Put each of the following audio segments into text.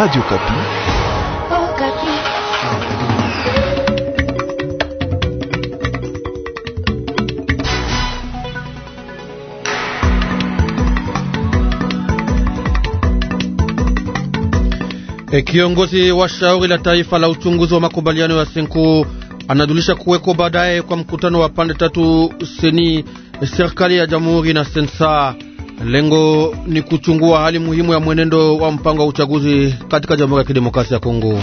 Radio Kapi. Oh, Kapi. E, kiongozi wa shauri la taifa la uchunguzi wa makubaliano ya Senko anajulisha kuweko baadaye kwa mkutano wa pande tatu seni serikali ya jamhuri na sensa Lengo ni kuchungua hali muhimu ya mwenendo wa mpango wa uchaguzi katika Jamhuri ya Kidemokrasia ya Kongo.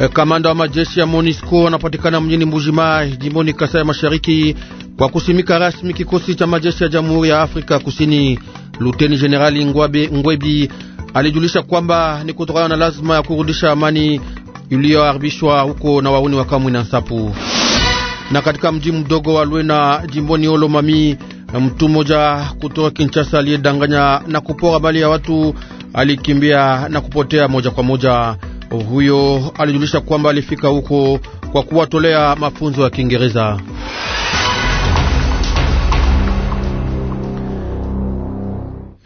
E, kamanda wa majeshi ya MONUSCO anapatikana mjini mbuji jimboni Kasai ya Mashariki kwa kusimika rasmi kikosi cha majeshi ya Jamhuri ya Afrika Kusini. Luteni Jenerali Ngwebi alijulisha kwamba ni kutokana na lazima ya kurudisha amani iliyoharibishwa huko na wauni wa Kamwi na Nsapu. Na katika mji mdogo wa Lwena jimboni Olomami Mtu mmoja kutoka Kinshasa aliyedanganya na kupora mali ya watu alikimbia na kupotea moja kwa moja. Huyo alijulisha kwamba alifika huko kwa kuwatolea mafunzo ya Kiingereza.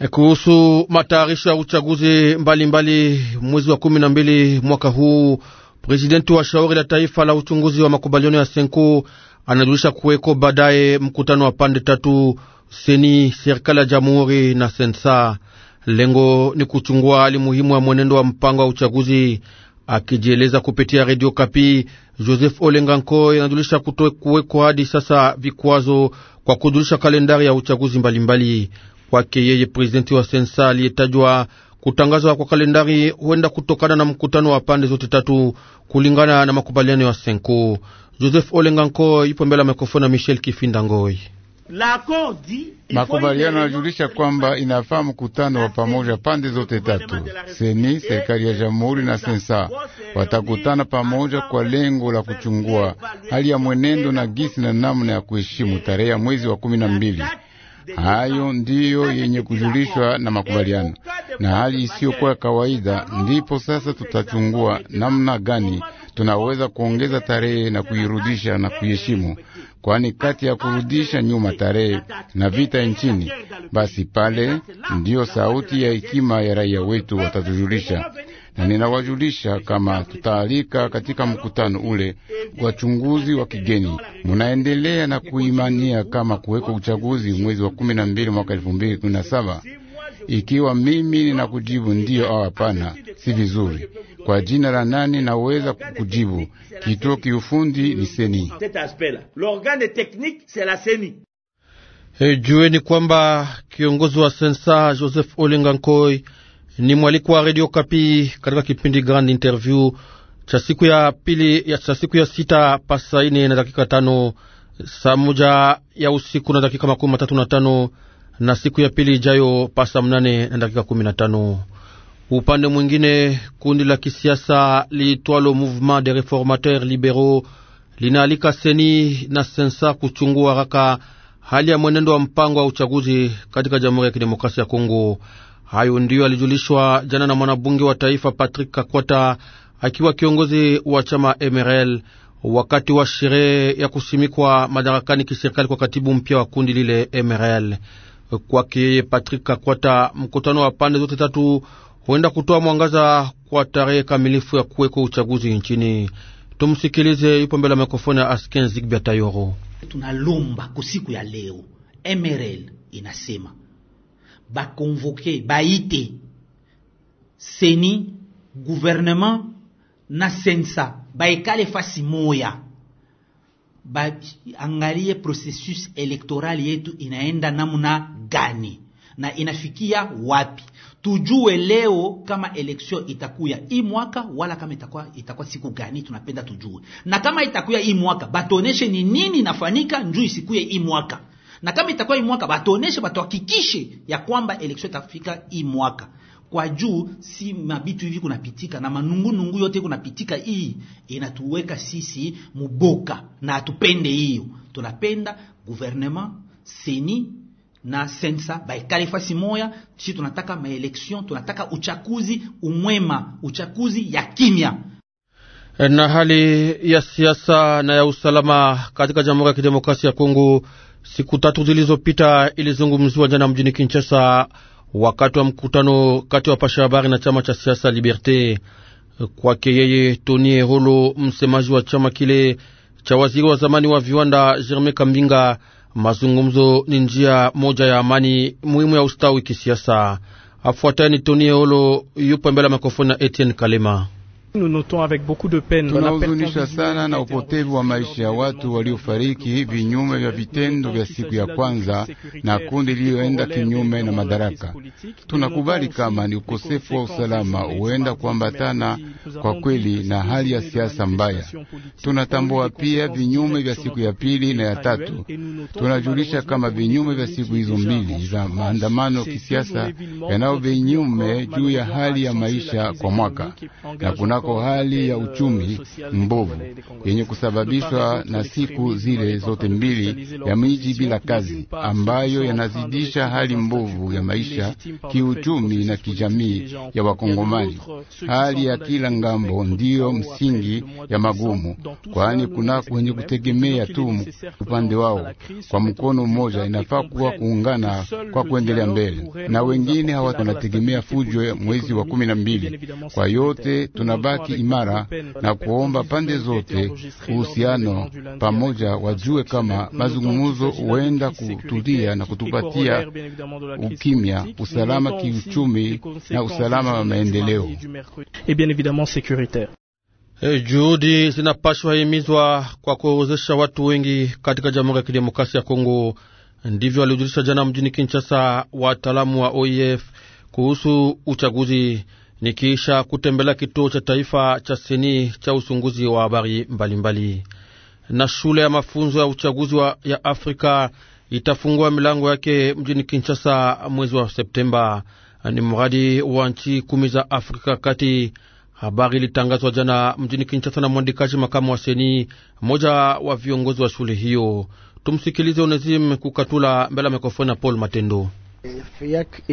Kuhusu matayarisho ya uchaguzi mbalimbali mwezi wa kumi na mbili mwaka huu, prezidenti wa shauri la taifa la uchunguzi wa makubaliano ya Senko anajulisha kuweko baadaye mkutano wa pande tatu: seni, serikali ya jamhuri na sensa. Lengo ni kuchungua hali muhimu ya mwenendo wa mpango wa uchaguzi. Akijieleza kupitia redio Kapi, Joseph Olenga Nkoy anajulisha kuweko hadi sasa vikwazo kwa kujulisha kalendari ya uchaguzi mbalimbali kwake Yeye prezidenti wa sensa aliyetajwa kutangazwa kwa kalendari huenda kutokana na mkutano wa pande zote tatu kulingana na makubaliano ya Senko. Joseph Olenga yupo mbele ya mikrofoni na Michel Kifinda Ngoi. Makubaliano yanajulisha kwamba inafaa mkutano wa pamoja pande zote tatu, seni serikali ya jamhuri na sensa watakutana pamoja kwa lengo la kuchungua hali ya mwenendo na gisi na namna ya kuheshimu tarehe ya mwezi wa kumi na mbili. Hayo ndiyo yenye kujulishwa na makubaliano, na hali isiyokuwa kawaida, ndipo sasa tutachungua namna gani tunaweza kuongeza tarehe na kuirudisha na kuiheshimu, kwani kati ya kurudisha nyuma tarehe na vita nchini, basi pale ndiyo sauti ya hekima ya raia wetu watatujulisha na ninawajulisha kama tutaalika katika mkutano ule wachunguzi wa kigeni. Munaendelea na kuimania kama kuweka uchaguzi mwezi wa kumi na mbili mwaka elfu mbili kumi na saba. Ikiwa mimi ninakujibu ndiyo au hapana, si vizuri. Kwa jina la nani naweza kukujibu? Kituo kiufundi ni seni. Hey, eh, jueni kwamba kiongozi wa sensa Joseph olinga nkoy ni mwaliko wa Radio Kapi katika kipindi Grand Interview cha siku ya pili ya cha siku ya sita pasaine na dakika tano saa moja ya usiku na dakika makumi matatu na tano na siku ya pili ijayo pasa mnane na dakika kumi na tano. Upande mwingine kundi la kisiasa liitwalo Mouvement des Reformateurs Liberaux linaalika seni na sensa kuchungua haraka hali ya mwenendo wa mpango wa uchaguzi katika Jamhuri ya Kidemokrasia ya Kongo. Hayo ndiyo alijulishwa jana na mwanabunge wa taifa Patrick Kakwata akiwa kiongozi wa chama MRL wakati wa sherehe ya kusimikwa madarakani kiserikali kwa katibu mpya wa kundi lile MRL. Kwake yeye Patrick Kakwata, mkutano wa pande zote tatu huenda kutoa mwangaza kwa tarehe kamilifu ya kuweko uchaguzi nchini. Tumsikilize, yupo mbele ya mikrofoni ya Asken Zigbia Tayoro. Tunalomba kusiku ya leo MRL inasema bakonvoke baite seni gouvernement na sensa baikale fasi moya baangalie processus electoral yetu inaenda namna gani na inafikia wapi, tujue leo kama election itakuya hii mwaka wala kama itakuwa, itakuwa siku gani, tunapenda tujue. Na kama itakuya hii mwaka batoneshe ni nini nafanyika njuu isikuye hii mwaka, na kama itakuwa hii mwaka batuoneshe, batuhakikishe ya kwamba election itafika hii mwaka kwa juu, si mabitu hivi kunapitika na manungunungu yote kunapitika. Hii inatuweka sisi muboka na atupende hiyo, tunapenda gouvernement seni na sensa baikale fasi moya. Si tunataka maelection, tunataka uchakuzi umwema, uchakuzi ya kimya. Na hali ya siasa na ya usalama katika Jamhuri ya Kidemokrasia ya Kongo siku tatu zilizopita ilizungumziwa jana mjini Kinshasa wakati wa mkutano kati wa pasha habari na chama cha siasa Liberte. Kwake yeye Tony Erolo, msemaji wa chama kile cha waziri wa zamani wa viwanda Jerme Kambinga, mazungumzo ni njia moja ya amani muhimu ya ustawi kisiasa. Afuatani Tony Erolo yupo mbele ya mikrofoni na Etienne Kalema. Tunahuzunisha sana na upotevu wa maisha ya watu waliofariki vinyume vya vitendo vya siku ya kwanza na kundi liliyoenda kinyume na madaraka. Tunakubali kama ni ukosefu wa usalama huenda kuambatana kwa kweli na hali ya siasa mbaya. Tunatambua pia vinyume vya siku ya pili na ya tatu. Tunajulisha kama vinyume vya siku hizo mbili za maandamano ya kisiasa yanayo vinyume juu ya hali ya maisha kwa mwaka na kuna kunako hali ya uchumi mbovu yenye kusababishwa na siku zile zote mbili ya miji bila kazi, ambayo yanazidisha hali mbovu ya maisha kiuchumi na kijamii ya Wakongomani. Hali ya kila ngambo ndiyo msingi ya magumu, kwani kunako wenye kutegemea tu upande wao kwa mkono mmoja, inafaa kuwa kuungana kwa kuendelea mbele, na wengine hawa wanategemea fujo mwezi wa kumi na mbili. Kwa yote tunaba kubaki imara na kuomba pande zote uhusiano pamoja wajue kama mazungumuzo huenda kutulia na kutupatia ukimya, usalama kiuchumi na usalama wa maendeleo. Eh eh, juhudi zinapashwa himizwa kwa kuwezesha watu wengi katika Jamhuri ya Kidemokrasia ya Kongo. Ndivyo walijulisha jana mjini Kinshasa wataalamu wa OIF kuhusu uchaguzi nikiisha kutembelea kituo cha taifa cha seni cha uchunguzi wa habari mbalimbali. Na shule ya mafunzo ya uchaguzi wa ya Afrika itafungua milango yake mjini Kinshasa mwezi wa Septemba. Ni mradi wa nchi kumi za Afrika kati. Habari ilitangazwa jana mjini Kinshasa na mwandikaji makamu wa seni, mmoja wa viongozi wa shule hiyo. Tumsikilize Onesime Kukatula mbele ya mikrofoni na Paul Matendo. FEAC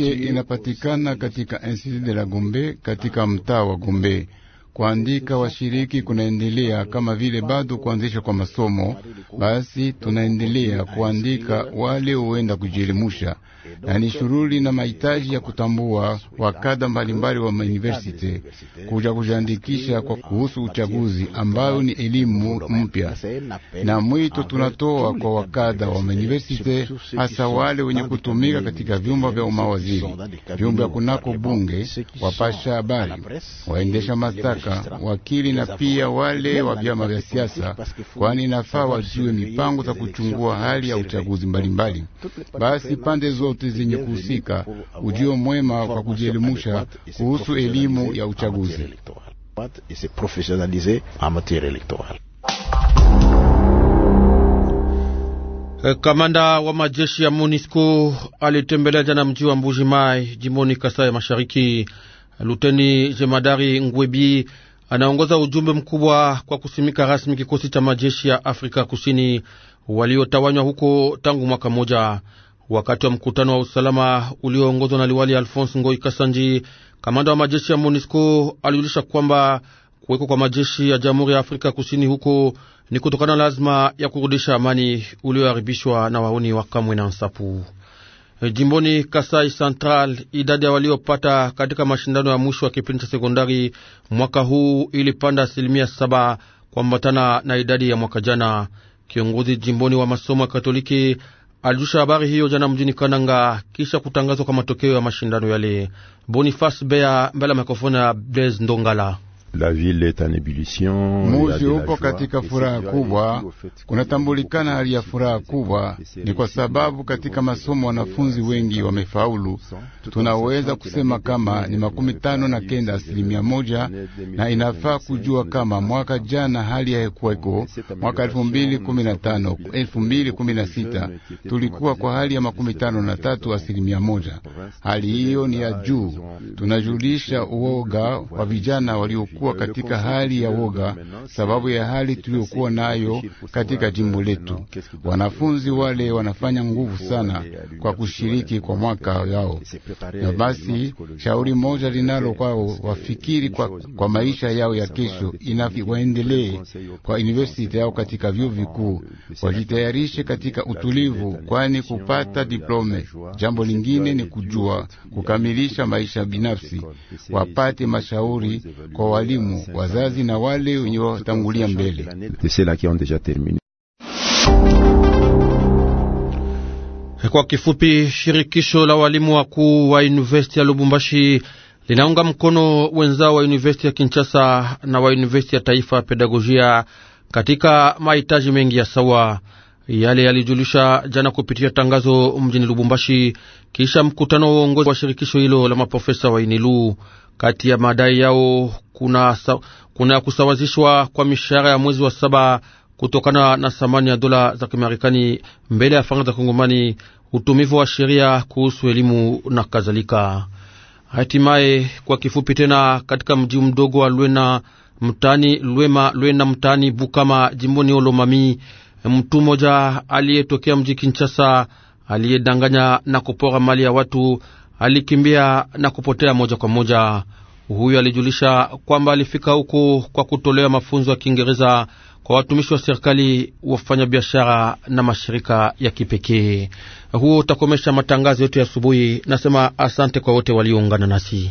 e, inapatikana katika Institut de la Gombe katika mtaa wa Gombe kuandika washiriki kunaendelea kama vile bado kuanzisha kwa masomo. Basi tunaendelea kuandika wale huenda kujielimusha, na ni shuruli na mahitaji ya kutambua wakada mbalimbali wa mauniversite kuja kujiandikisha kwa kuhusu uchaguzi ambayo ni elimu mpya, na mwito tunatoa kwa wakada wa mauniversite, hasa wale wenye kutumika katika vyumba vya umawaziri, vyumba kunako bunge, wapasha habari, waendesha mastaka mashtaka, wakili na pia wale wa vyama vya siasa, kwani nafaa wajue mipango za kuchungua hali ya uchaguzi mbalimbali. Basi pande zote zenye kuhusika, ujio mwema kwa kujielimusha kuhusu elimu ya uchaguzi. Eh, kamanda wa majeshi ya MONUSCO alitembelea jana mji wa Mbuji Mai, jimboni Kasai Mashariki. Luteni Jemadari Ngwebi anaongoza ujumbe mkubwa kwa kusimika rasmi kikosi cha majeshi ya Afrika Kusini waliotawanywa huko tangu mwaka mmoja. Wakati wa mkutano wa usalama ulioongozwa na liwali Alphonse Ngoi Kasanji, kamanda wa majeshi ya MONUSCO alijulisha kwamba kuweko kwa majeshi ya Jamhuri ya Afrika Kusini huko ni kutokana lazima ya kurudisha amani ulioharibishwa na waoni wa Kamwe na Nsapu. Eh, jimboni Kasai Central, idadi ya waliopata katika mashindano ya mwisho ya kipindi cha sekondari mwaka huu ilipanda asilimia saba kuambatana na idadi ya mwaka jana. Kiongozi jimboni wa masomo ya Katoliki alijusha habari hiyo jana mjini Kananga kisha kutangazwa kwa matokeo ya mashindano yale. Boniface Bea mbele ya mikrofoni ya Blaise Ndongala. La ville est en ebullition, muji upo katika furaha kubwa, kunatambulikana hali ya furaha kubwa. Ni kwa sababu katika masomo wanafunzi wengi wamefaulu, tunaweza kusema kama ni makumi tano na kenda asilimia moja, na inafaa kujua kama mwaka jana hali haikuweko. Mwaka elfu mbili kumi na tano elfu mbili kumi na sita tulikuwa kwa hali ya makumi tano na tatu asilimia moja. Hali hiyo ni ya juu, tunajulisha uoga wa vijana walio kuwa katika hali ya woga sababu ya hali tuliyokuwa nayo katika jimbo letu. Wanafunzi wale wanafanya nguvu sana kwa kushiriki kwa mwaka yao, na basi shauri moja linalo kwao, wafikiri kwa, kwa maisha yao ya kesho, inafi waendelee kwa universiti yao katika vyuo vikuu, wajitayarishe katika utulivu, kwani kupata diplome. Jambo lingine ni kujua kukamilisha maisha binafsi, wapate mashauri kwa wali walimu, wazazi na wale wenye watangulia mbele. Kwa kifupi, shirikisho la walimu wakuu wa universiti ya Lubumbashi linaunga mkono wenzao wa universiti ya Kinshasa na wa universiti ya taifa ya pedagojia katika mahitaji mengi ya sawa. Yale yalijulisha jana kupitia tangazo mjini Lubumbashi kisha mkutano wa uongozi wa shirikisho hilo la maprofesa wa Inilu. Kati ya madai yao kuna, kuna kusawazishwa kwa mishahara ya mwezi wa saba kutokana na thamani ya dola za Kimarekani mbele ya faranga za Kongomani, utumivu wa sheria kuhusu elimu na kadhalika. Hatimaye kwa kifupi tena, katika mji mdogo wa Lwena mtani Lwema Lwena mtani Bukama jimboni Olomami, mtu mmoja aliyetokea mji Kinshasa aliyedanganya na kupora mali ya watu alikimbia na kupotea moja kwa moja. Huyo alijulisha kwamba alifika huko kwa kutolewa mafunzo ya Kiingereza kwa watumishi wa serikali, wafanyabiashara na mashirika ya kipekee. Huo utakomesha matangazo yetu ya asubuhi. Nasema asante kwa wote walioungana nasi.